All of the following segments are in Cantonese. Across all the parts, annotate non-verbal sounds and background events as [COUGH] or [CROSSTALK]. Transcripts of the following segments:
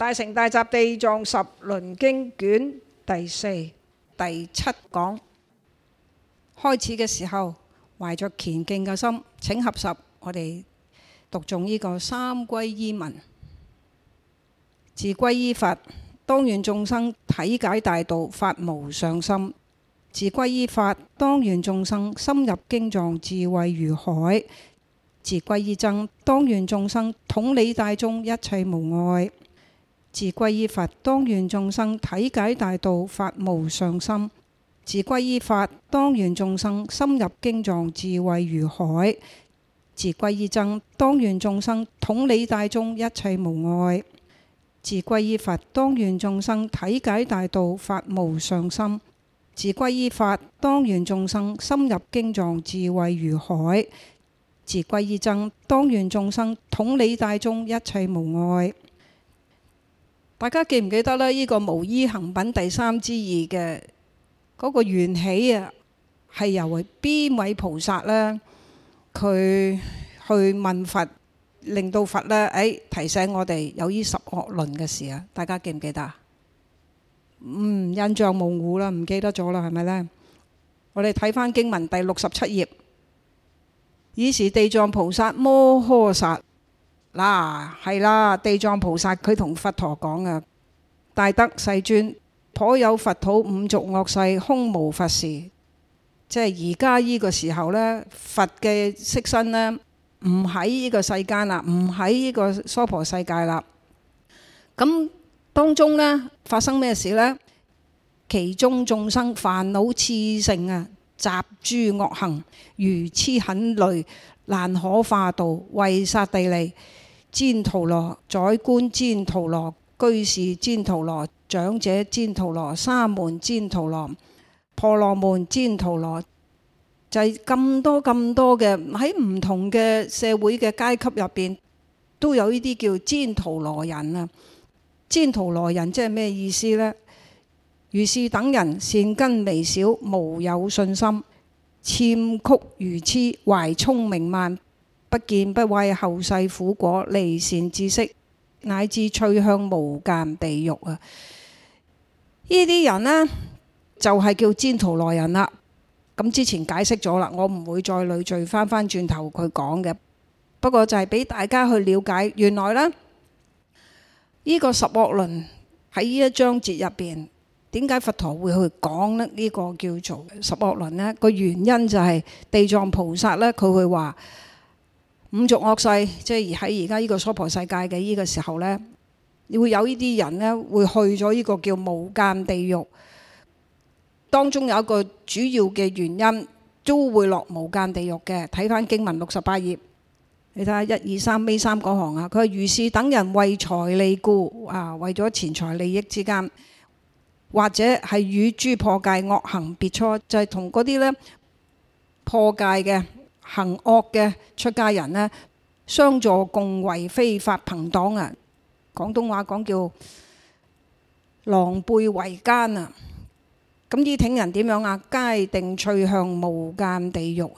大乘大集地藏十輪經卷第四第七講開始嘅時候，懷着虔敬嘅心，請合十，我哋讀誦呢個三歸依文：自歸依佛，當願眾生體解大道，發無上心；自歸依法，當願眾生深入經藏，智慧如海；自歸依僧，當願眾生統理大眾，一切無礙。自歸依佛，當願眾生體解大道，發無上心；自歸依法，當願眾生深入經藏，智慧如海；自歸依僧，當願眾生統理大眾，一切無礙。自歸依佛，當願眾生體解大道，發無上心；自歸依法，當願眾生深入經藏，智慧如海；自歸依僧，當願眾生統理大眾，一切無礙。大家記唔記得咧、這個？依個無依行品第三之二嘅嗰個緣起啊，係由邊位菩薩咧？佢去問佛，令到佛咧，誒提醒我哋有啲十惡輪嘅事啊！大家記唔記得啊？嗯，印象模糊啦，唔記得咗啦，係咪咧？我哋睇翻經文第六十七頁，爾時地藏菩薩摩訶薩。嗱，係啦，啊，地藏菩薩佢同佛陀講啊，大德世尊，頗有佛土五濁惡世，空無佛時。即係而家呢個時候呢，佛嘅色身呢，唔喺呢個世間啦，唔喺呢個娑婆世界啦。咁當中呢，發生咩事呢？其中眾生煩惱熾盛啊，習諸惡行，愚癡佷戾，難可化導，謂剎帝利。旃荼羅、宰官旃荼羅、居士旃荼羅、長者旃荼羅、沙門旃荼羅、婆羅門旃荼羅，就係、是、咁多咁多嘅喺唔同嘅社會嘅階級入邊都有呢啲叫旃荼羅人啊，旃荼羅人即係咩意思呢？如是等人善根微少，無有信心，諂曲愚癡，懷聰明慢。不見不畏後世苦果，離善知識，乃至趣向無間地獄啊！呢啲人呢，就係、是、叫旃荼羅人啦。咁之前解釋咗啦，我唔會再累贅翻翻轉頭佢講嘅。不過就係俾大家去了解，原來呢，呢、這個十惡輪喺呢一章節入邊，點解佛陀會去講呢？呢、這個叫做十惡輪呢？個原因就係地藏菩薩呢，佢會話。五濁惡世，即係而喺而家呢個娑婆世界嘅呢個時候呢，你會有呢啲人呢，會去咗呢個叫無間地獄。當中有一個主要嘅原因，都會落無間地獄嘅。睇翻經文六十八頁，你睇下一二三尾三嗰行啊，佢係如是等人為財利故啊，為咗錢財利益之間，或者係與諸破戒惡行苾芻，就係同嗰啲呢破戒嘅。行惡嘅出家人呢，相助共為非法朋黨啊！廣東話講叫狼狽為奸啊！咁呢啲人點樣啊？皆定趣向無間地獄，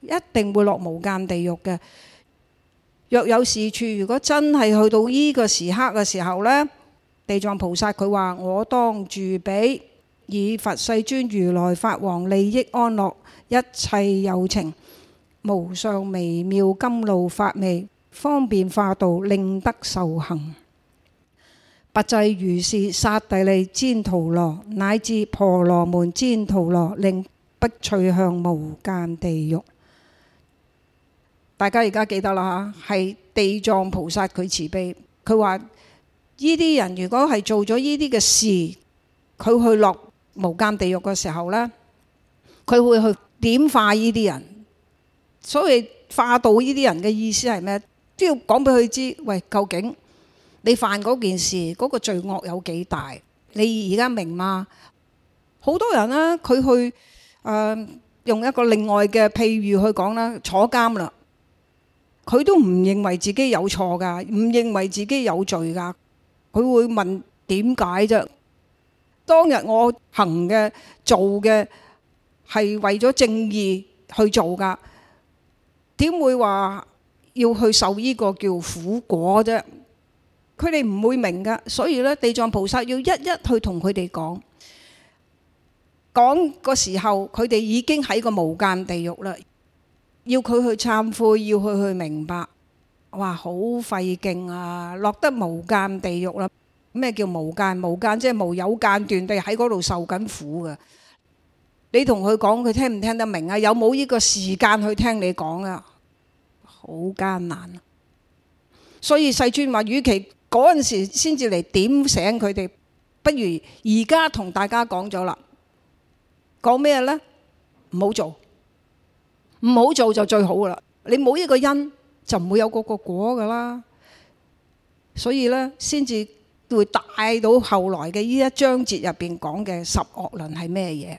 一定會落無間地獄嘅。若有是處，如果真係去到呢個時刻嘅時候呢，地藏菩薩佢話：我當住彼，以佛世尊如來法王，利益安樂一切有情。無上微妙甘露法味，方便化導，令得受行。拔濟如是，剎帝利旃荼羅乃至婆羅門旃荼羅，令不趣向無間地獄。大家而家記得啦嚇，係地藏菩薩佢慈悲，佢話：呢啲人如果係做咗呢啲嘅事，佢去落無間地獄嘅時候呢，佢會去點化呢啲人。所以化導呢啲人嘅意思係咩？都要講俾佢知。喂，究竟你犯嗰件事嗰個罪惡有幾大？你而家明嗎？好多人呢，佢去誒用一個另外嘅譬喻去講啦，坐監啦，佢都唔認為自己有錯㗎，唔認為自己有罪㗎。佢會問點解啫？當日我行嘅做嘅係為咗正義去做㗎。點會話要去受呢個叫苦果啫？佢哋唔會明噶，所以咧，地藏菩薩要一一去同佢哋講，講個時候佢哋已經喺個無間地獄啦，要佢去懺悔，要佢去明白，哇！好費勁啊，落得無間地獄啦，咩叫無間？無間即係無有間斷地喺嗰度受緊苦嘅。你同佢講，佢聽唔聽得明啊？有冇呢個時間去聽你講啊？好艱難啊，所以世尊話，與其嗰陣時先至嚟點醒佢哋，不如而家同大家講咗啦。講咩呢？唔好做，唔好做就最好噶啦。你冇呢個因，就唔會有嗰個果噶啦。所以呢，先至會帶到後來嘅呢一章節入邊講嘅十惡輪係咩嘢？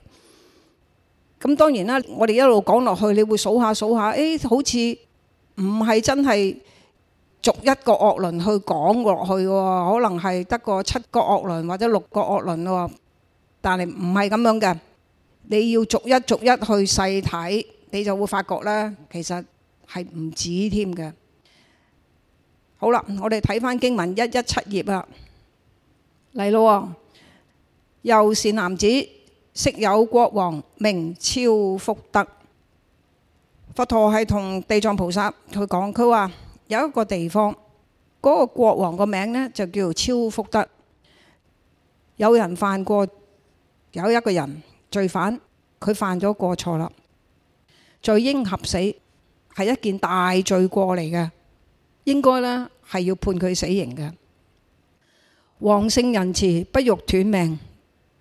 咁當然啦，我哋一路講落去，你會數下數下，誒，好似唔係真係逐一個惡輪去講落去喎，可能係得個七個惡輪或者六個惡輪喎，但係唔係咁樣嘅，你要逐一逐一去細睇，你就會發覺咧，其實係唔止添嘅。好啦，我哋睇翻經文一一七頁啦，嚟咯，又善男子。昔有國王名超福德，佛陀係同地藏菩薩佢講，佢話有一個地方，嗰、那個國王個名呢，就叫做超福德。有人犯過，有一個人罪犯，佢犯咗過錯啦，罪應合死，係一件大罪過嚟嘅，應該呢，係要判佢死刑嘅。王性仁慈，不欲斷命。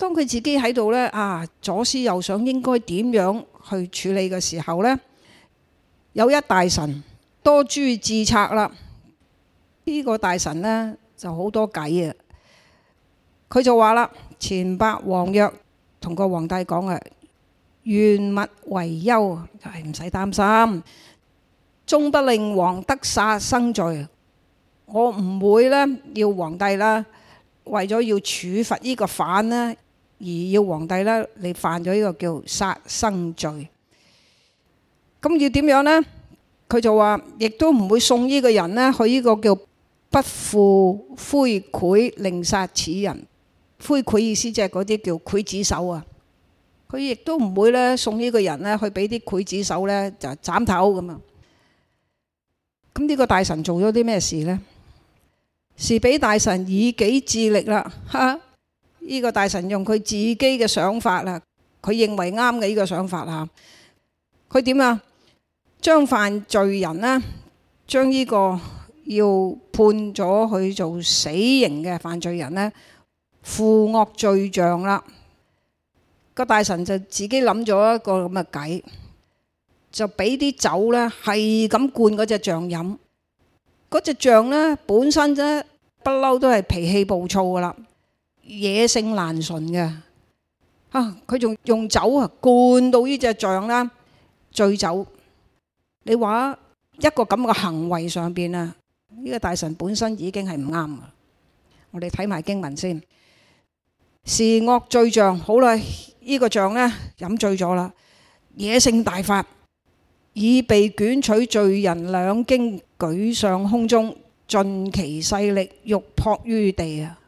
當佢自己喺度咧，啊左思右想，應該點樣去處理嘅時候呢，有一大臣多朱自策多諸智策啦。呢、這個大臣呢就好多計啊，佢就話啦：前白王曰同個皇帝講啊，願勿為憂，係唔使擔心。終不令王得殺生罪，我唔會呢，要皇帝啦，為咗要處罰呢個犯咧。而要皇帝咧，你犯咗呢個叫殺生罪，咁要點樣呢？佢就話，亦都唔會送呢個人咧去呢個叫不付魁膾，令殺此人。魁膾意思即係嗰啲叫劊子手啊，佢亦都唔會咧送呢個人咧去俾啲劊子手咧就斬頭咁啊。咁呢個大臣做咗啲咩事呢？是俾大臣以己智力啦，嚇。 [LAUGHS] 呢個大臣用佢自己嘅想法啦，佢認為啱嘅呢個想法啦，佢點啊？將犯罪人呢，將呢個要判咗佢做死刑嘅犯罪人呢，付惡醉象啦，個大臣就自己諗咗一個咁嘅計，就俾啲酒咧，係咁灌嗰隻象飲，嗰隻象呢，本身咧不嬲都係脾氣暴躁噶啦。野性難馴嘅，啊！佢仲用酒啊灌到呢隻象啦，醉酒。你話一個咁嘅行為上邊啊，呢個大臣本身已經係唔啱噶。我哋睇埋經文先，時惡醉象，好啦，呢個象咧飲醉咗啦，野性大發，以鼻捲取罪人兩脛，舉上空中，盡其勢力欲撲於地啊！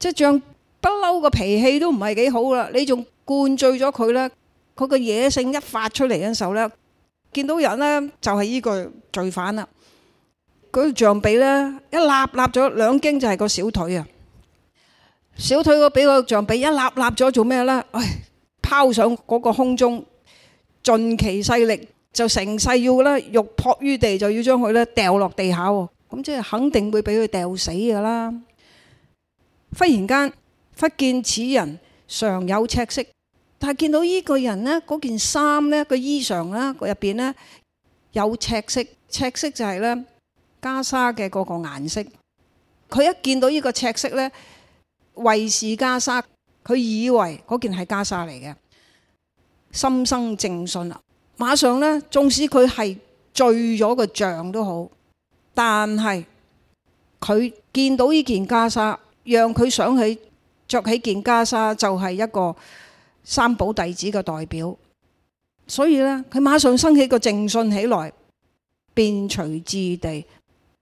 隻象不嬲個脾氣都唔係幾好啦，你仲灌醉咗佢咧，佢個野性一發出嚟嘅時候咧，見到人咧就係依個罪犯啦。佢個象鼻咧一立立咗兩脛就係個小腿啊，小腿個鼻個象鼻一立立咗做咩咧？唉，拋上嗰個空中，盡其勢力就成世要啦，欲撲於地就要將佢咧掉落地下喎，咁即係肯定會俾佢掉死㗎啦。忽然間，忽見此人裳有赤色，但係見到呢個人呢，嗰件衫呢，個衣裳呢，入邊呢，有赤色，赤色就係呢袈裟嘅嗰個顏色。佢一見到呢個赤色呢，謂是袈裟，佢以為嗰件係袈裟嚟嘅，心生淨信啦。馬上呢，縱使佢係醉咗個象都好，但係佢見到呢件袈裟。讓佢想起着起件袈裟就係一個三寶弟子嘅代表，所以呢，佢馬上生起個淨信起來，便隨之地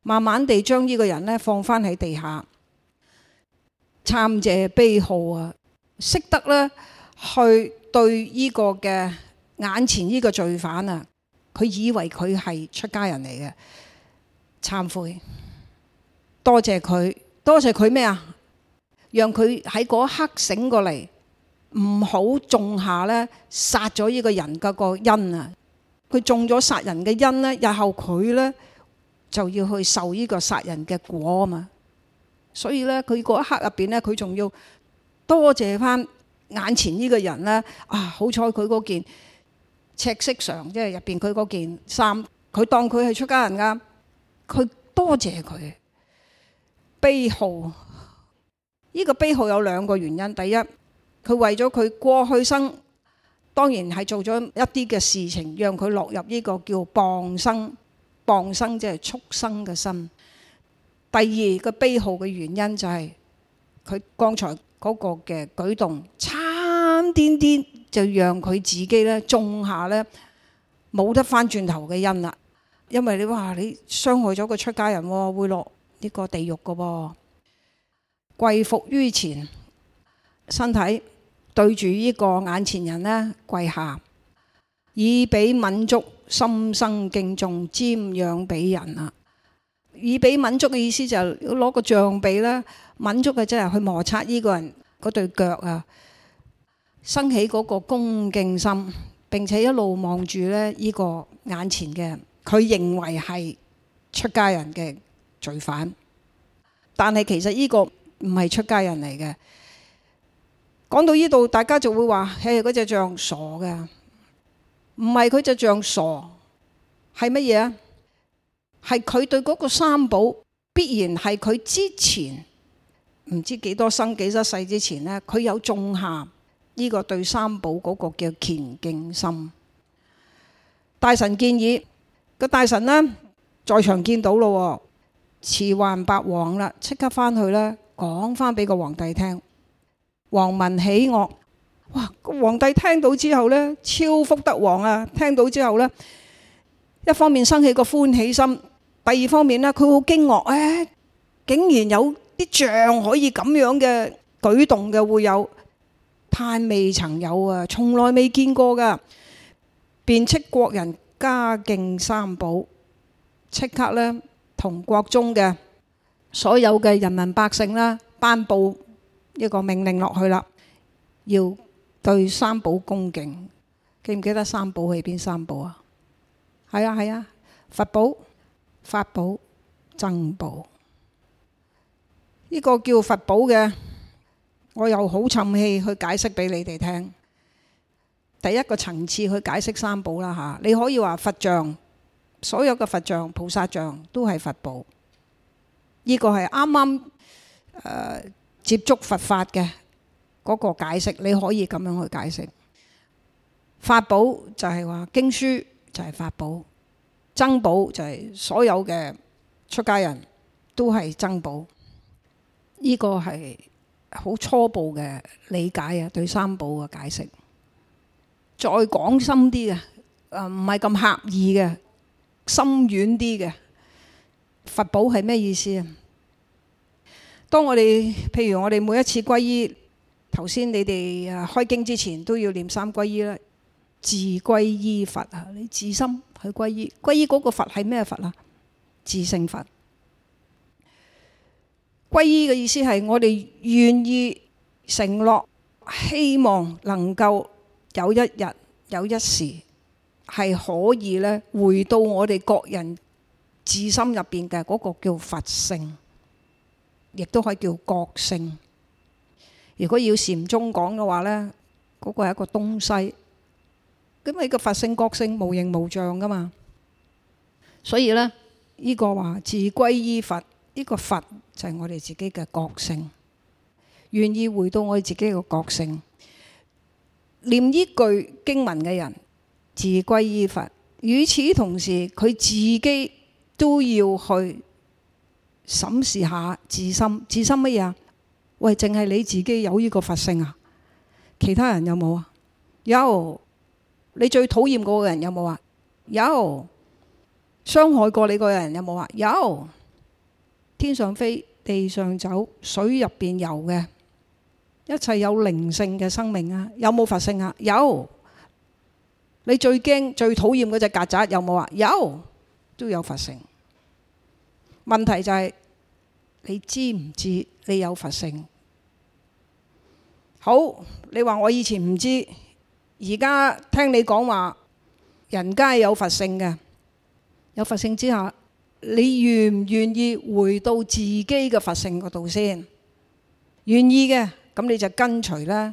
慢慢地將呢個人呢放翻，喺地下，懺謝悲號啊，識得呢，去對呢個嘅眼前呢個罪犯啊，佢以為佢係出家人嚟嘅，懺悔，多謝佢。多謝佢咩啊？讓佢喺嗰一刻醒過嚟，唔好種下咧殺咗呢個人嘅個因啊！佢種咗殺人嘅因咧，日後佢咧就要去受呢個殺人嘅果啊嘛！所以咧，佢嗰一刻入邊咧，佢仲要多謝翻眼前呢個人咧啊！好彩佢嗰件赤色裳，即係入邊佢嗰件衫，佢當佢係出家人噶，佢多謝佢。悲號，呢個悲號有兩個原因。第一，佢為咗佢過去生，當然係做咗一啲嘅事情，讓佢落入呢個叫傍生，傍生即係畜生嘅身。第二個悲號嘅原因就係佢剛才嗰個嘅舉動，差啲啲就讓佢自己咧種下咧冇得翻轉頭嘅因啦。因為你話你傷害咗個出家人喎，會落呢個地獄嘅噃、哦，跪伏於前，身體對住呢個眼前人呢跪下，以鼻抆足，心生敬重，瞻仰彼人啦。以鼻抆足嘅意思就係、是、攞個象鼻呢，抆足嘅即係去摩擦呢個人嗰對腳啊，升起嗰個恭敬心，並且一路望住咧呢、這個眼前嘅，佢認為係出家人嘅。罪犯，但係其實呢個唔係出家人嚟嘅。講到呢度，大家就會話：誒嗰隻象傻嘅，唔係佢隻象傻，係乜嘢啊？係佢對嗰個三寶，必然係佢之前唔知幾多生幾多世之前咧，佢有種下呢個對三寶嗰個叫虔敬心。大臣，建議，個大臣呢，在場見到咯。馳還白王啦，即刻翻去咧，講翻俾個皇帝聽。王聞喜愕，哇！皇帝聽到之後咧，超福德王啊！聽到之後咧，一方面生起個歡喜心，第二方面咧，佢好驚愕咧，竟然有啲象可以咁樣嘅舉動嘅會有，太未曾有啊，從來未見過噶。便勅國人加敬三寶，即刻咧。同國中嘅所有嘅人民百姓啦，頒布一個命令落去啦，要對三寶恭敬。記唔記得三寶係邊三寶啊？係啊係啊，佛寶、法寶、僧寶。呢、這個叫佛寶嘅，我又好沉氣去解釋俾你哋聽。第一個層次去解釋三寶啦吓，你可以話佛像。所有嘅佛像、菩薩像都係佛寶，呢個係啱啱誒接觸佛法嘅嗰個解釋，你可以咁樣去解釋。法寶就係話經書就係法寶，僧寶就係所有嘅出家人都係僧寶。呢個係好初步嘅理解啊，對三寶嘅解釋。再講深啲嘅，誒唔係咁狹義嘅。深遠啲嘅佛寶係咩意思啊？當我哋，譬如我哋每一次皈依，頭先你哋開經之前都要念三皈依啦。自皈依佛啊，你自心去皈依，皈依嗰個佛係咩佛啊？自性佛。皈依嘅意思係我哋願意承諾，希望能夠有一日有一時。係可以咧回到我哋各人自心入邊嘅嗰個叫佛性，亦都可以叫覺性。如果要禪宗講嘅話咧，嗰個係一個東西。因為個佛性覺性無形無象噶嘛，所以咧，呢個話自皈依佛，呢個佛就係我哋自己嘅覺性。願意回到我哋自己嘅覺性，念呢句經文嘅人。自歸依佛，與此同時，佢自己都要去審視下自心。自心乜嘢啊？喂，淨係你自己有呢個佛性啊？其他人有冇啊？有。你最討厭嗰個人有冇啊？有。傷害過你嗰個人有冇啊？有。天上飛，地上走，水入邊游嘅一切有靈性嘅生命啊，有冇佛性啊？有。你最驚最討厭嗰隻曱甴有冇啊？有，都有佛性。問題就係、是、你知唔知你有佛性？好，你話我以前唔知，而家聽你講話，人家係有佛性嘅，有佛性之下，你願唔願意回到自己嘅佛性嗰度先？願意嘅，咁你就跟隨啦，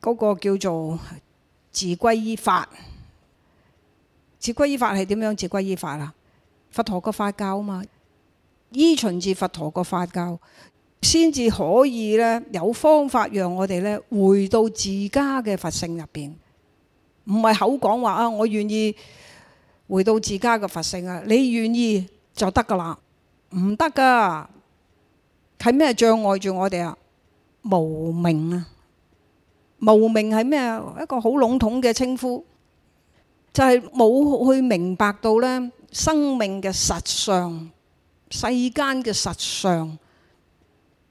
嗰個叫做。自歸依法，自歸依法係點樣？自歸依法啦，佛陀個法教啊嘛，依循住佛陀個法教，先至可以咧有方法讓我哋咧回到自家嘅佛性入邊。唔係口講話啊，我願意回到自家嘅佛性啊，你願意就得噶啦，唔得噶。係咩障礙住我哋啊？無明啊！無明係咩啊？一個好籠統嘅稱呼，就係冇去明白到咧生命嘅實相、世間嘅實相。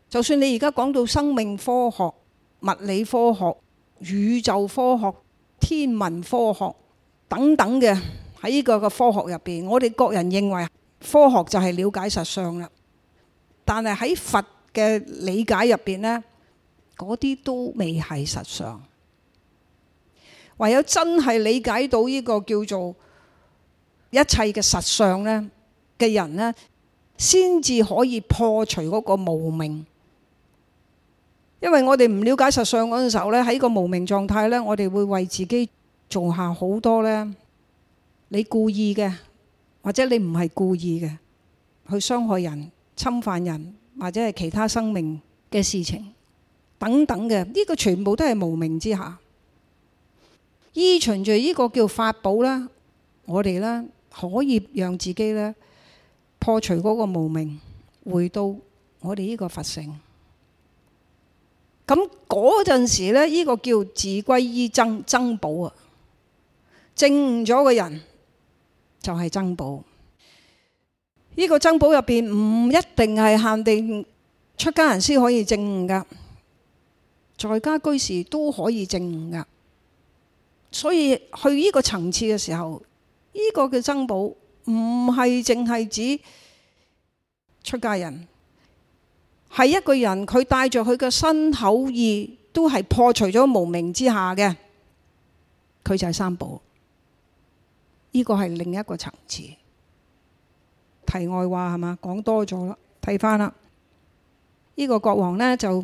就算你而家講到生命科學、物理科學、宇宙科學、天文科學等等嘅喺呢個科學入邊，我哋各人認為科學就係瞭解實相啦。但係喺佛嘅理解入邊呢。嗰啲都未係實相，唯有真係理解到呢個叫做一切嘅實相呢嘅人呢，先至可以破除嗰個無明。因為我哋唔了解實相嗰陣時候呢，喺個無明狀態呢，我哋會為自己做下好多呢：你故意嘅，或者你唔係故意嘅，去傷害人、侵犯人，或者係其他生命嘅事情。等等嘅呢、這個全部都係無名之下，依循住呢個叫法寶啦，我哋啦可以讓自己咧破除嗰個無名，回到我哋呢個佛性。咁嗰陣時咧，呢、這個叫自歸依僧僧寶啊，證咗嘅人就係僧寶。呢、這個僧寶入邊唔一定係限定出家人先可以證悟噶。在家居士都可以證悟噶，所以去呢個層次嘅時候，呢個嘅僧寶唔係淨係指出家人，係一個人佢帶着佢嘅身口意都係破除咗無明之下嘅，佢就係三寶。呢個係另一個層次。題外話係嘛？講多咗啦，睇翻啦。呢個國王呢，就。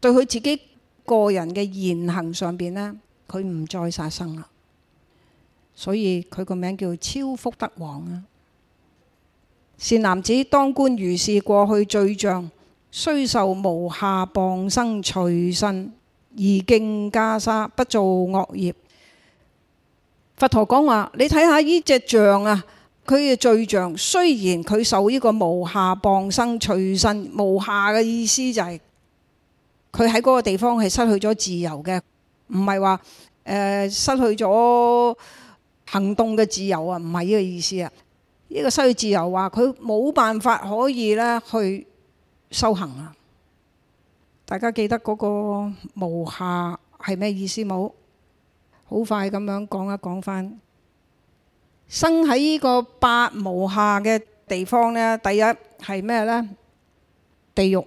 對佢自己個人嘅言行上邊，呢，佢唔再殺生啦，所以佢個名叫超福德王啊。善男子，當觀如是過去醉象，雖受無暇傍生趣身而敬袈裟，不造惡業。佛陀講話：你睇下呢隻象啊，佢嘅罪障雖然佢受呢個無暇傍生趣身，無暇嘅意思就係、是。佢喺嗰個地方係失去咗自由嘅，唔係話誒失去咗行動嘅自由啊，唔係呢個意思啊。呢、呢個失去自由話，佢冇辦法可以咧去修行啊。大家記得嗰個無暇係咩意思冇？好快咁樣講一講翻。生喺呢個八無暇嘅地方咧，第一係咩咧？地獄。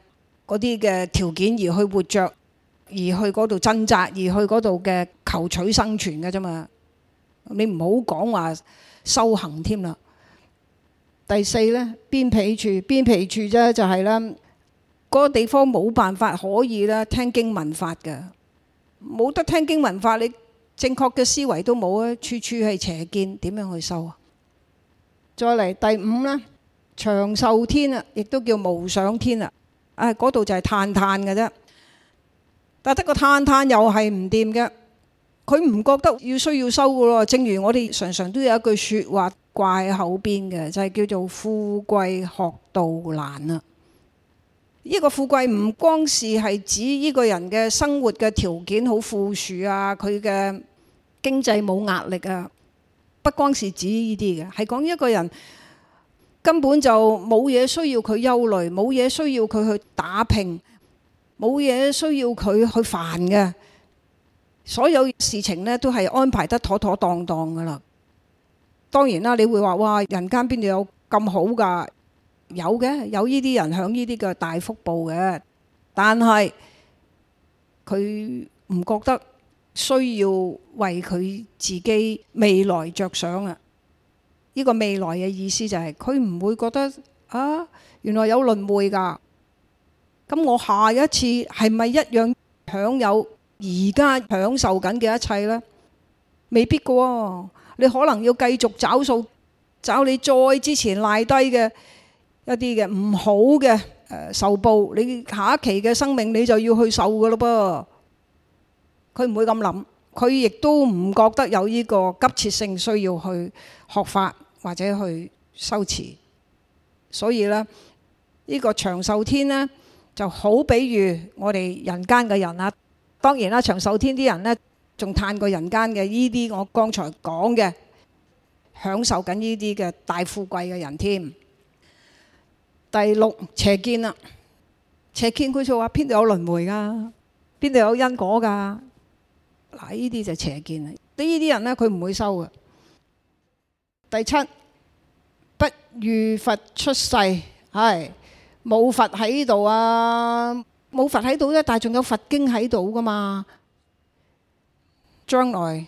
嗰啲嘅條件而去活著，而去嗰度掙扎，而去嗰度嘅求取生存嘅啫嘛。你唔好講話修行添啦。第四呢，邊皮處邊皮處啫、就是，就係呢嗰個地方冇辦法可以啦，聽經聞法嘅冇得聽經聞法，你正確嘅思維都冇啊，處處係邪見，點樣去修啊？再嚟第五呢，長壽天啊，亦都叫無想天啊。嗰度、啊、就係嘆嘆嘅啫，但得個嘆嘆又係唔掂嘅。佢唔覺得要需要收嘅咯。正如我哋常常都有一句説話掛喺口邊嘅，就係、是、叫做「富貴學道難」啦。呢、嗯、個富貴唔光是係指呢個人嘅生活嘅條件好富庶啊，佢嘅經濟冇壓力啊，不光是指呢啲嘅，係講一個人。根本就冇嘢需要佢憂慮，冇嘢需要佢去打拼，冇嘢需要佢去煩嘅。所有事情呢都係安排得妥妥當當噶啦。當然啦，你會話：「哇，人間邊度有咁好噶？有嘅，有呢啲人響呢啲嘅大福報嘅。」但係佢唔覺得需要為佢自己未來着想啊。呢個未來嘅意思就係佢唔會覺得啊，原來有輪迴㗎。咁我下一次係咪一樣享有而家享受緊嘅一切呢？未必嘅，你可能要繼續找數，找你再之前賴低嘅一啲嘅唔好嘅誒受報。你下一期嘅生命你就要去受嘅嘞噃。佢唔會咁諗。佢亦都唔覺得有呢個急切性需要去學法或者去修持。所以呢，呢個長壽天呢就好比喻我哋人間嘅人啦。當然啦，長壽天啲人呢仲嘆過人間嘅呢啲，我剛才講嘅享受緊呢啲嘅大富貴嘅人添。第六邪見啊，邪見佢就話邊度有輪迴㗎？邊度有因果㗎？嗱，呢啲就邪見啦！啲呢啲人咧，佢唔會收嘅。第七，不遇佛出世，係冇佛喺度啊！冇佛喺度咧，但係仲有佛經喺度㗎嘛？將來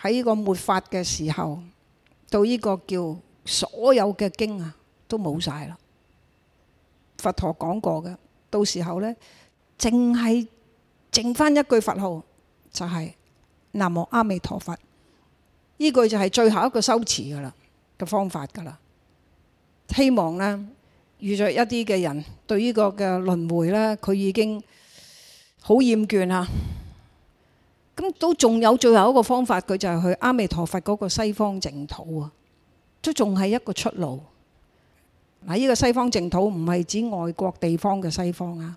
喺個末法嘅時候，到呢個叫所有嘅經啊，都冇晒啦！佛陀講過嘅，到時候咧，淨係剩返一句佛號。就係、是、南無阿彌陀佛，呢句就係最後一個修持㗎喇嘅方法㗎喇。希望呢遇著一啲嘅人對呢個嘅輪迴呢，佢已經好厭倦啊！咁都仲有最後一個方法，佢就係、是、去阿彌陀佛嗰個西方淨土啊，都仲係一個出路。嗱，呢個西方淨土唔係指外國地方嘅西方啊。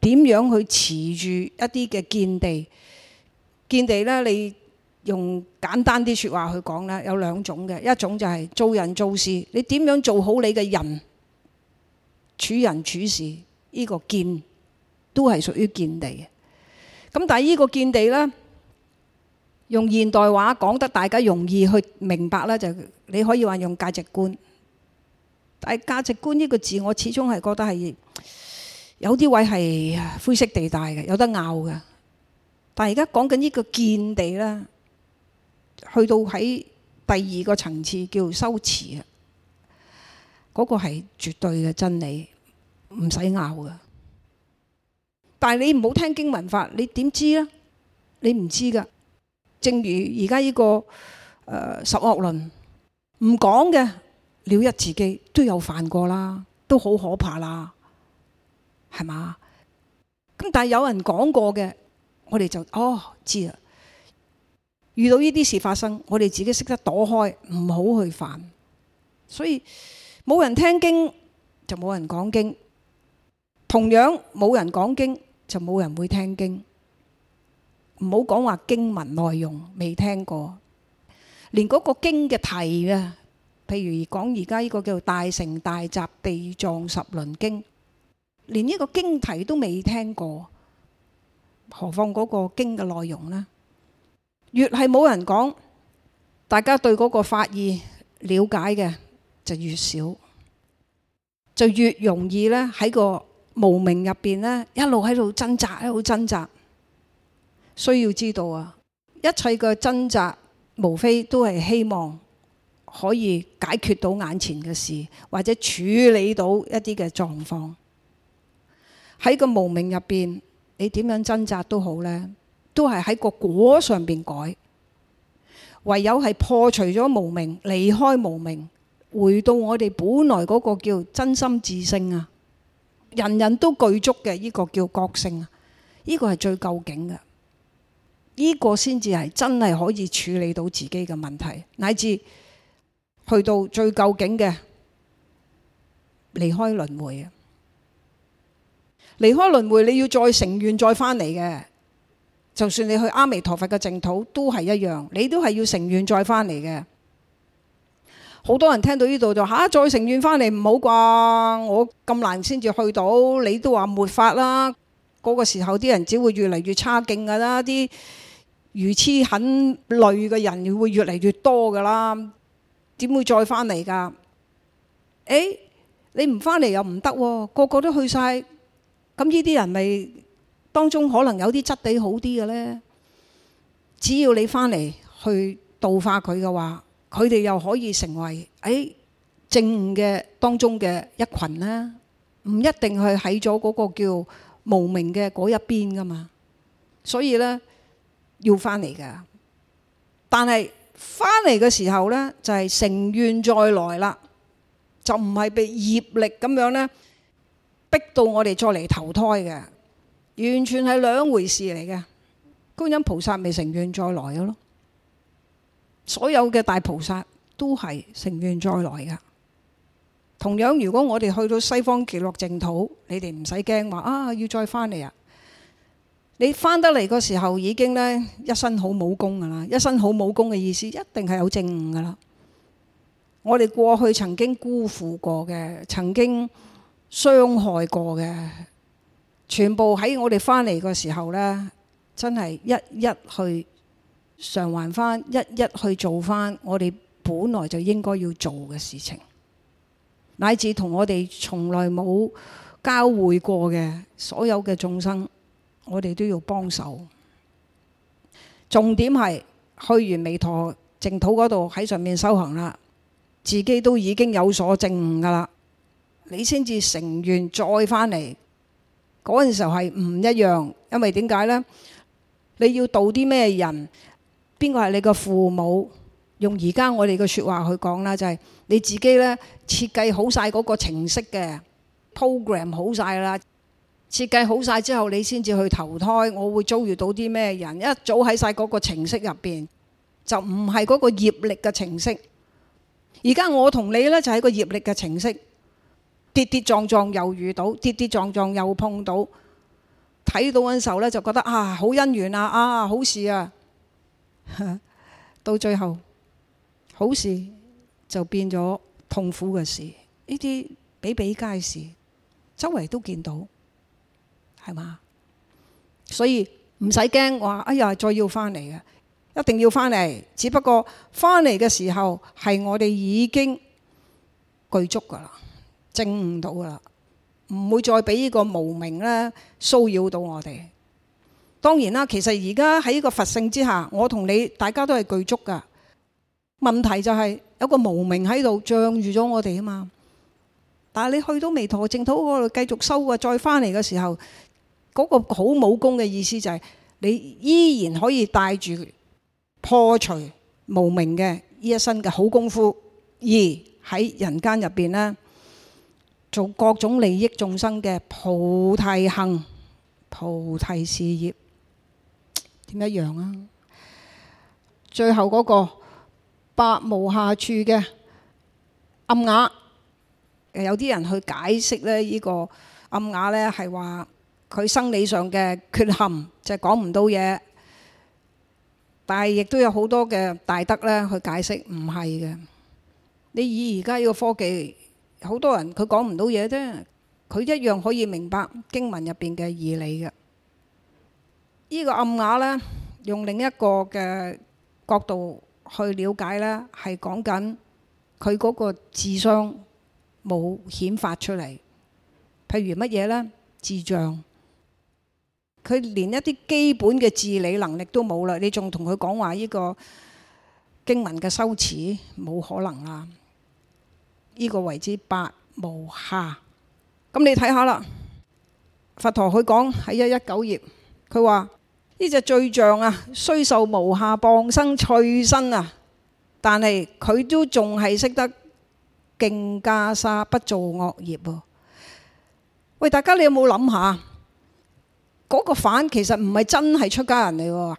點樣去持住一啲嘅見地？見地咧，你用簡單啲説話去講咧，有兩種嘅，一種就係做人做事，你點樣做好你嘅人處人處事？呢、這個見都係屬於見地嘅。咁但係呢個見地咧，用現代話講得大家容易去明白咧，就是、你可以話用價值觀，但係價值觀呢個字，我始終係覺得係。有啲位係灰色地帶嘅，有得拗嘅。但係而家講緊呢個見地咧，去到喺第二個層次叫修持啊，嗰、那個係絕對嘅真理，唔使拗嘅。但係你唔好聽經文法，你點知咧？你唔知㗎。正如而家呢個誒、呃、十惡論，唔講嘅了，一自己都有犯過啦，都好可怕啦。係嘛？咁但係有人講過嘅，我哋就哦知啦。遇到呢啲事發生，我哋自己識得躲開，唔好去犯。所以冇人聽經，就冇人講經；同樣冇人講經，就冇人會聽經。唔好講話經文內容未聽過，連嗰個經嘅題啊，譬如講而家呢個叫《大乘大集地藏十輪經》。連呢個經題都未聽過，何況嗰個經嘅內容呢？越係冇人講，大家對嗰個法義了解嘅就越少，就越容易咧喺個無明入邊咧一路喺度掙扎，喺度掙扎。需要知道啊，一切嘅掙扎無非都係希望可以解決到眼前嘅事，或者處理到一啲嘅狀況。喺個無明入邊，你點樣掙扎好都好呢，都係喺個果上邊改。唯有係破除咗無明，離開無明，回到我哋本來嗰個叫真心自性啊！人人都具足嘅呢個叫覺性啊！呢個係最究竟嘅，呢個先至係真係可以處理到自己嘅問題，乃至去到最究竟嘅離開輪迴啊！離開輪迴，你要再乘願再返嚟嘅。就算你去阿彌陀佛嘅淨土，都係一樣，你都係要乘願再返嚟嘅。好多人聽到呢度就吓、啊，再乘願返嚟唔好啩？我咁難先至去到，你都話沒法啦。嗰、那個時候啲人只會越嚟越差勁㗎啦，啲愚癡佷戾嘅人會越嚟越多㗎啦。點會再返嚟㗎？誒，你唔返嚟又唔得喎，個個都去晒。咁呢啲人咪當中可能有啲質地好啲嘅咧，只要你翻嚟去度化佢嘅話，佢哋又可以成為誒正悟嘅當中嘅一羣啦，唔一定係喺咗嗰個叫無名嘅嗰一邊噶嘛。所以咧，要翻嚟嘅，但係翻嚟嘅時候咧，就係成願再來啦，就唔係被業力咁樣咧。逼到我哋再嚟投胎嘅，完全係兩回事嚟嘅。觀音菩薩未成願再來嘅咯，所有嘅大菩薩都係成願再來噶。同樣，如果我哋去到西方極樂淨土，你哋唔使驚話啊，要再翻嚟啊。你翻得嚟嘅時候，已經呢，一身好武功噶啦，一身好武功嘅意思，一定係有正悟噶啦。我哋過去曾經辜負過嘅，曾經。傷害過嘅，全部喺我哋返嚟個時候呢，真係一一去償還翻，一一去做翻我哋本來就應該要做嘅事情，乃至同我哋從來冇交會過嘅所有嘅眾生，我哋都要幫手，重點係去完彌陀淨土嗰度喺上面修行啦，自己都已經有所證悟㗎啦。你先至成願再返嚟，嗰陣時候係唔一樣，因為點解呢？你要度啲咩人？邊個係你個父母？用而家我哋嘅説話去講啦，就係、是、你自己呢設計好晒嗰個程式嘅 program 好晒啦，設計好晒之後你先至去投胎，我會遭遇到啲咩人？一早喺晒嗰個程式入邊，就唔係嗰個業力嘅程式。而家我同你呢，就係個業力嘅程式。跌跌撞撞又遇到，跌跌撞撞又跌跌撞撞又碰到，睇到嗰陣時候咧，就覺得啊，好姻緣啊，啊，好事啊。 [LAUGHS] 到最後，好事就變咗痛苦嘅事。呢啲比比皆是，周圍都見到，係嘛？所以唔使驚話，哎呀，再要返嚟嘅，一定要返嚟。只不過返嚟嘅時候係我哋已經具足噶啦。正悟到啦，唔會再俾呢個無名咧騷擾到我哋。當然啦，其實而家喺呢個佛性之下，我同你大家都係具足噶。問題就係、是、有個無名喺度障住咗我哋啊嘛。但係你去到彌陀淨土嗰度繼續修啊，再翻嚟嘅時候，嗰、那個好武功嘅意思就係、是、你依然可以帶住破除無名嘅呢一身嘅好功夫，而喺人間入邊呢，做各種利益眾生嘅菩提行、菩提事業，點一樣啊？最後嗰個百無下處嘅暗啞，有啲人去解釋呢呢個暗啞呢係話佢生理上嘅缺陷，就係講唔到嘢。但係亦都有好多嘅大德呢去解釋，唔係嘅。你以而家呢個科技。好多人佢講唔到嘢啫，佢一樣可以明白經文入邊嘅義理嘅。呢個暗啞呢，用另一個嘅角度去了解呢，係講緊佢嗰個智商冇顯發出嚟。譬如乜嘢呢？智障，佢連一啲基本嘅自理能力都冇啦，你仲同佢講話呢個經文嘅修辭，冇可能啦。呢個為之八無暇，咁你睇下啦。佛陀佢講喺一一九頁，佢話：呢隻醉象啊，雖受無睱傍生趣身啊，但係佢都仲係識得敬袈裟，不造惡業。喂，大家你有冇諗下？嗰個犯其實唔係真係出家人嚟喎，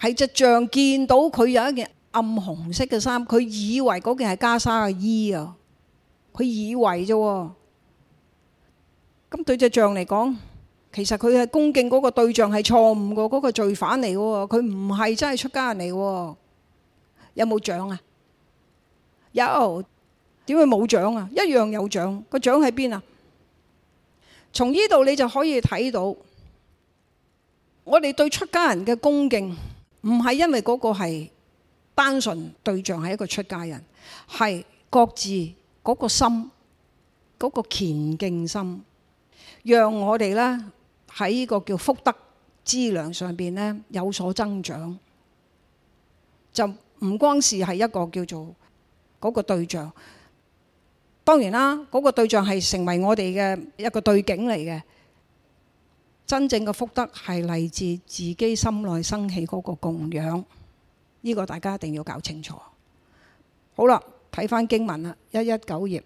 係隻象見到佢有一件暗紅色嘅衫，佢以為嗰件係袈裟嘅衣啊。佢以為啫，咁對隻象嚟講，其實佢嘅恭敬嗰個對象係錯誤嘅，嗰、嗰個罪犯嚟嘅，佢唔係真係出家人嚟。有冇獎啊？有，點會冇獎啊？一樣有獎，個獎喺邊啊？從呢度你就可以睇到，我哋對出家人嘅恭敬唔係因為嗰個係單純對象係一個出家人，係各自。嗰個心，嗰個虔敬心，讓我哋咧喺呢個叫福德資糧上邊咧有所增長，就唔光是係一個叫做嗰個對象。當然啦，嗰個對象係成為我哋嘅一個對境嚟嘅。真正嘅福德係嚟自自己心內生起嗰個供養，呢個大家一定要搞清楚。好啦。睇返經文啦，一一九頁，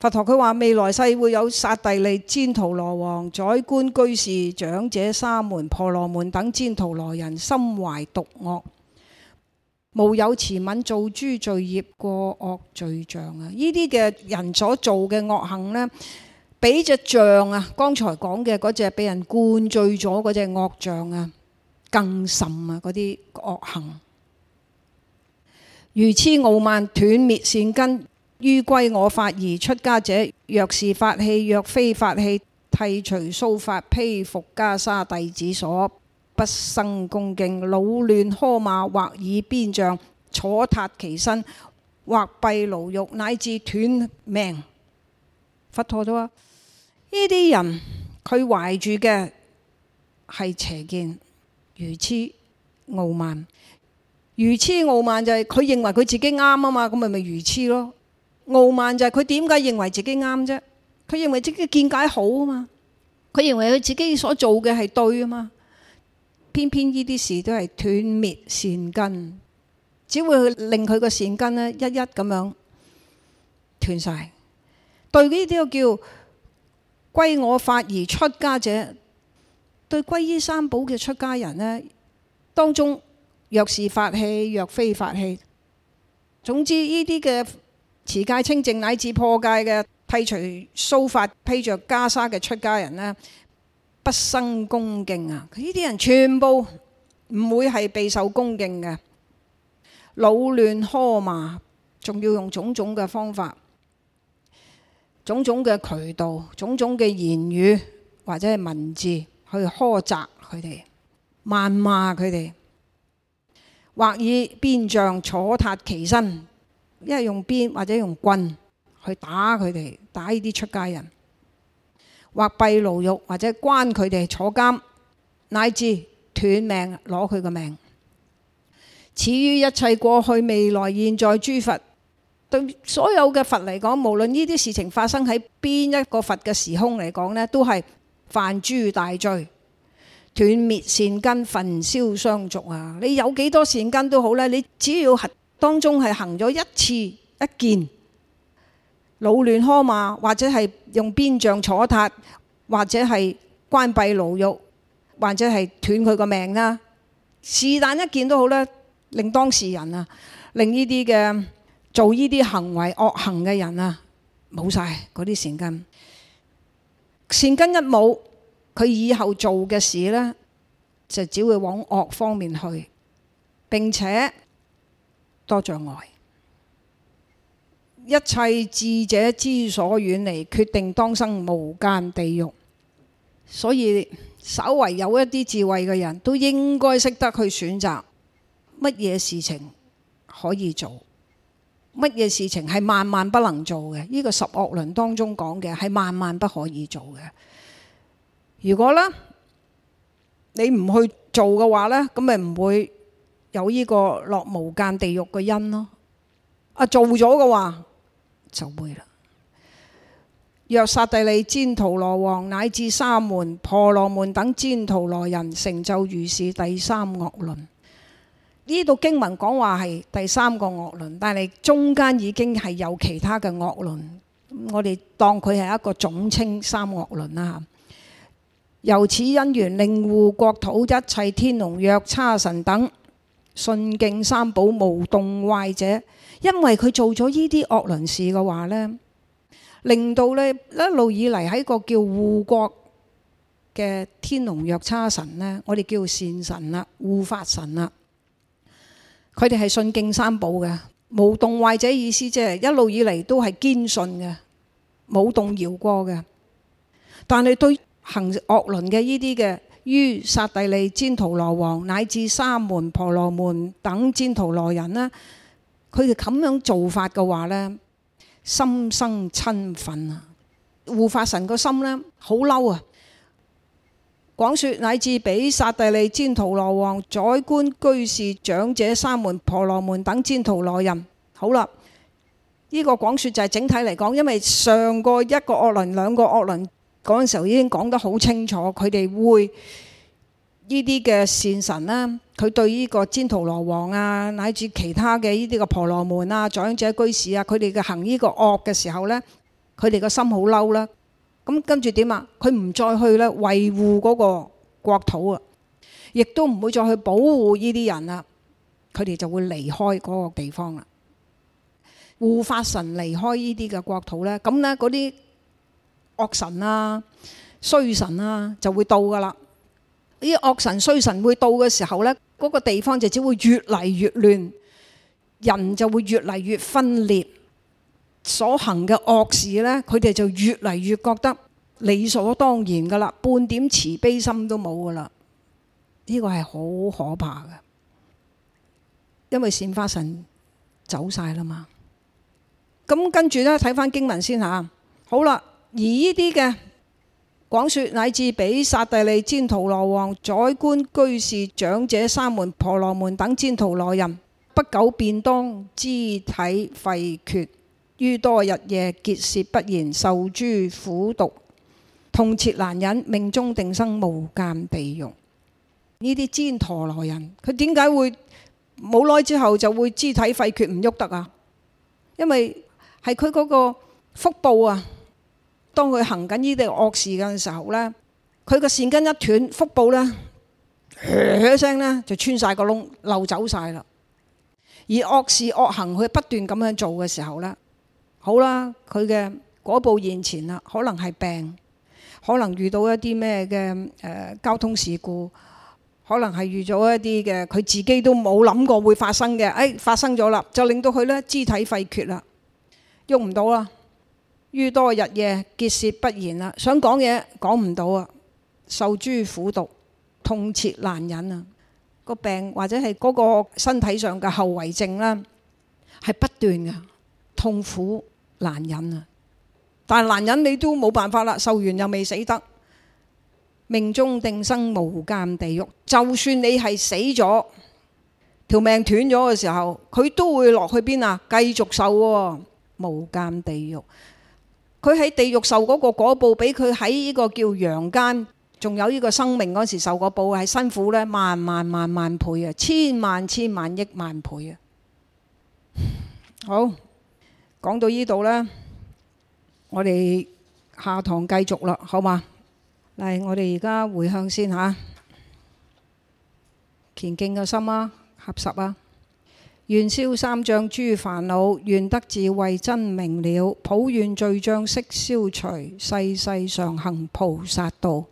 佛陀佢話未來世會有剎帝利、旃荼羅王、宰官、居士、長者、沙門、婆羅門等旃荼羅人心懷毒惡，無有慈愍，造諸罪業過惡罪、過惡醉象啊！呢啲嘅人所做嘅惡行呢，比隻象啊，剛才講嘅嗰隻俾人灌醉咗嗰隻惡象啊，更甚啊，嗰啲惡行。愚癡傲慢，斷滅善根；於歸我法而出家者，若是法器，若非法器，剃除鬚髮，被服袈裟，弟子所不生恭敬；惱亂呵罵，或以鞭杖，楚撻其身，或閉牢獄，乃至斷命。佛陀都話、啊：呢啲人佢懷住嘅係邪見，愚癡傲慢。愚癡傲慢就係佢認為佢自己啱啊嘛，咁咪咪愚癡咯。傲慢就係佢點解認為自己啱啫？佢認為自己嘅見解好啊嘛，佢認為佢自己所做嘅係對啊嘛。偏偏呢啲事都係斷滅善根，只會令佢個善根咧一一咁樣斷晒。對呢啲叫歸我法而出家者，對皈依三寶嘅出家人呢，當中。若是法器，若非法器，總之呢啲嘅持戒清淨乃至破戒嘅剃除鬚髮披着袈裟嘅出家人呢，不生恭敬啊！呢啲人全部唔會係備受恭敬嘅，惱亂呵罵，仲要用種種嘅方法、種種嘅渠道、種種嘅言語或者係文字去苛責佢哋、謾罵佢哋。或以鞭杖楚撻其身，一係用鞭，或者用棍去打佢哋，打呢啲出家人，或閉牢獄，或者關佢哋坐監，乃至斷命，攞佢個命。此於一切過去、未來、現在諸佛，對所有嘅佛嚟講，無論呢啲事情發生喺邊一個佛嘅時空嚟講呢，都係犯諸大罪。斷滅善根，焚燒相續啊！你有幾多善根都好咧，你只要係當中係行咗一次一件，惱亂呵罵，或者係用鞭杖楚撻，或者係關閉牢獄，或者係斷佢個命啦，是但一件都好啦，令當事人啊，令呢啲嘅做呢啲行為惡行嘅人啊，冇晒嗰啲善根，善根一冇。佢以後做嘅事呢，就只會往惡方面去，並且多障礙。一切智者之所遠離，決定當生無間地獄。所以，稍為有一啲智慧嘅人都應該識得去選擇乜嘢事情可以做，乜嘢事情係萬萬不能做嘅。呢、這個十惡輪當中講嘅係萬萬不可以做嘅。如果咧你唔去做嘅話咧，咁咪唔會有呢個落無間地獄嘅因咯。啊，做咗嘅話就會啦。若剎帝利旃荼羅王乃至沙門婆羅門等旃荼羅人成就如是第三惡輪，呢度經文講話係第三個惡輪，但係中間已經係有其他嘅惡輪，我哋當佢係一個總稱三惡輪啦。由此因緣，令護國土一切天龍藥叉神等信敬三寶無動壞者，因為佢做咗呢啲惡輪事嘅話呢，令到咧一路以嚟喺個叫護國嘅天龍藥叉神呢，我哋叫善神啦、護法神啦，佢哋係信敬三寶嘅，無動壞者意思即係一路以嚟都係堅信嘅，冇動搖過嘅，但係對。行惡輪嘅呢啲嘅，於剎帝利旃荼羅王乃至沙門婆羅門等旃荼羅人呢，佢哋咁樣做法嘅話呢，心生瞋忿啊！護法神個心呢，好嬲啊！廣説乃至彼剎帝利旃荼羅王、宰官居士長者沙門婆羅門等旃荼羅人，好啦，呢、呢個廣説就係整體嚟講，因為上個一個惡輪，兩個惡輪。嗰陣時候已經講得好清楚，佢哋會呢啲嘅善神啦，佢對呢個旃荼羅王啊，乃至其他嘅呢啲嘅婆羅門啊、長者居士啊，佢哋嘅行呢個惡嘅時候呢，佢哋個心好嬲啦。咁跟住點啊？佢唔再去咧維護嗰個國土啊，亦都唔會再去保護呢啲人啦。佢哋就會離開嗰個地方啦。護法神離開呢啲嘅國土呢，咁呢嗰啲。惡神啊、衰神啊，就會到噶啦。呢啲惡神、衰神會到嘅時候呢，嗰、那個地方就只會越嚟越亂，人就會越嚟越分裂，所行嘅惡事呢，佢哋就越嚟越覺得理所當然噶啦，半點慈悲心都冇噶啦。呢、這個係好可怕嘅，因為善法神走晒啦嘛。咁跟住咧，睇翻經文先吓，好啦。而呢啲嘅講説，廣說乃至彼剎帝利旃荼羅王，宰官居士長者沙門婆羅門等旃荼羅人，不久便當肢體廢缺，於多日夜結舌不言，受諸苦毒，痛切難忍，命終定生無間地獄。呢啲旃荼羅人，佢點解會冇耐之後就會肢體廢缺唔喐得啊？因為係佢嗰個腹部啊！當佢行緊呢啲惡事嘅時候呢，佢個善根一斷，腹部呢，嘩聲呢，就穿晒個窿，漏走晒啦。而惡事惡行佢不斷咁樣做嘅時候呢，好啦，佢嘅果報現前啦，可能係病，可能遇到一啲咩嘅誒交通事故，可能係遇到一啲嘅佢自己都冇諗過會發生嘅，哎，發生咗啦，就令到佢呢肢體廢缺啦，喐唔到啦。於多日夜結舌不言啦，想講嘢講唔到啊，受諸苦毒，痛切難忍啊！個病或者係嗰個身體上嘅後遺症啦，係不斷嘅痛苦難忍啊！但係難忍你都冇辦法啦，受完又未死得，命終定生無間地獄。就算你係死咗條命斷咗嘅時候，佢都會落去邊啊？繼續受喎，無間地獄。佢喺地獄受嗰個果報，比佢喺呢個叫陽間仲有呢個生命嗰時受個報係辛苦咧萬萬萬萬倍啊，千萬千萬億萬倍啊！好，講到呢度咧，我哋下堂繼續啦，好嘛？嚟，我哋而家回向先吓。虔敬嘅心啊，合十啊！願消三障諸煩惱，願得智慧真明了，普願罪障悉消除，世世常行菩薩道。